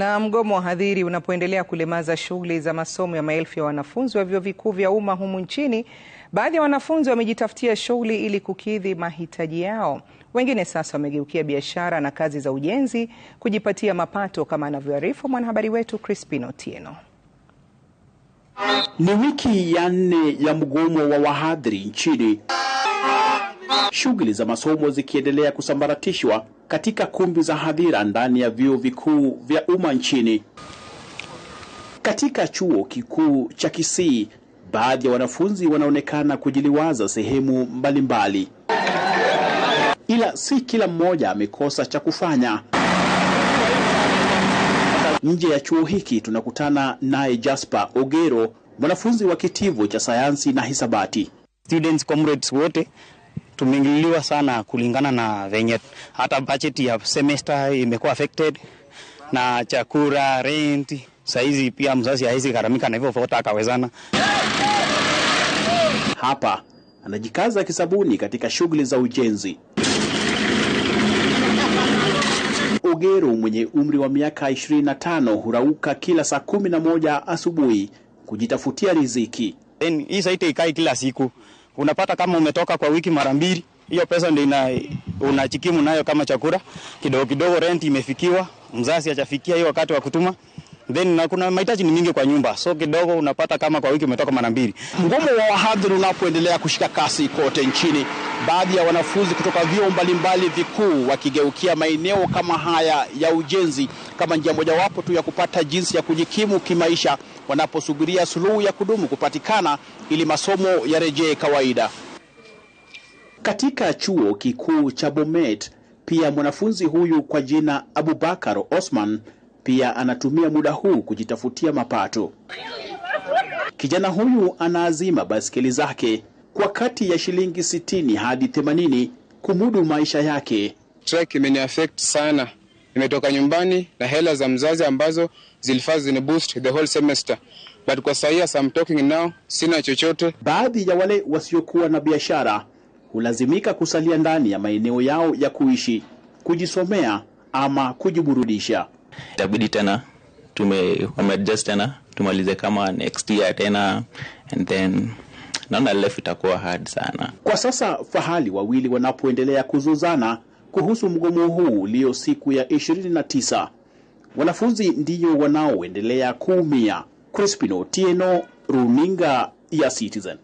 Na mgomo wa hadhiri unapoendelea kulemaza shughuli za masomo ya maelfu ya wanafunzi wa vyuo vikuu vya umma humu nchini, baadhi ya wanafunzi wamejitafutia shughuli ili kukidhi mahitaji yao. Wengine sasa wamegeukia biashara na kazi za ujenzi kujipatia mapato, kama anavyoarifu mwanahabari wetu Crispin Otieno. Ni wiki ya nne ya mgomo wa wahadhiri nchini. Shughuli za masomo zikiendelea kusambaratishwa katika kumbi za hadhira ndani ya vyuo vikuu vya umma nchini. Katika chuo kikuu cha Kisii, baadhi ya wanafunzi wanaonekana kujiliwaza sehemu mbalimbali, ila si kila mmoja amekosa cha kufanya. Nje ya chuo hiki tunakutana naye Jasper Ogero, mwanafunzi wa kitivo cha sayansi na hisabati. Students comrades wote tumeingililiwa sana kulingana na venye hata budget ya semester imekuwa affected na chakula, rent. Saizi pia mzazi hawezi gharamika na hivyo vote akawezana. Hapa anajikaza kisabuni katika shughuli za ujenzi. Ogero mwenye umri wa miaka 25 hurauka kila saa kumi na moja asubuhi kujitafutia riziki. Hii saiti ikai kila siku unapata kama umetoka kwa wiki mara mbili, hiyo pesa ndio ina unachikimu nayo kama chakula kidogo kidogo, rent imefikiwa, mzazi achafikia hiyo wakati wa kutuma then na kuna mahitaji ni mingi kwa nyumba, so kidogo unapata kama kwa wiki umetoka mara mbili. Mgomo wa wahadhiri unapoendelea kushika kasi kote nchini, baadhi ya wanafunzi kutoka vyuo mbalimbali vikuu wakigeukia maeneo kama haya ya ujenzi kama njia mojawapo tu ya kupata jinsi ya kujikimu kimaisha wanaposubiria suluhu ya kudumu kupatikana ili masomo yarejee kawaida. Katika chuo kikuu cha Bomet pia mwanafunzi huyu kwa jina Abubakar Osman pia anatumia muda huu kujitafutia mapato. Kijana huyu anaazima baskeli zake kwa kati ya shilingi sitini hadi themanini kumudu maisha yake. Strike imeniaffect sana, nimetoka nyumbani na hela za mzazi ambazo zilifaa zini boost the whole semester but kwa sahii as I'm talking now sina chochote. Baadhi ya wale wasiokuwa na biashara hulazimika kusalia ndani ya maeneo yao ya kuishi, kujisomea ama kujiburudisha. Itabidi tena tume adjust tena tumalize kama next year tena and then naona left itakuwa hard sana kwa sasa. Fahali wawili wanapoendelea kuzuzana kuhusu mgomo huu ulio siku ya 29, wanafunzi ndiyo wanaoendelea kuumia. crispin otieno runinga ya Citizen.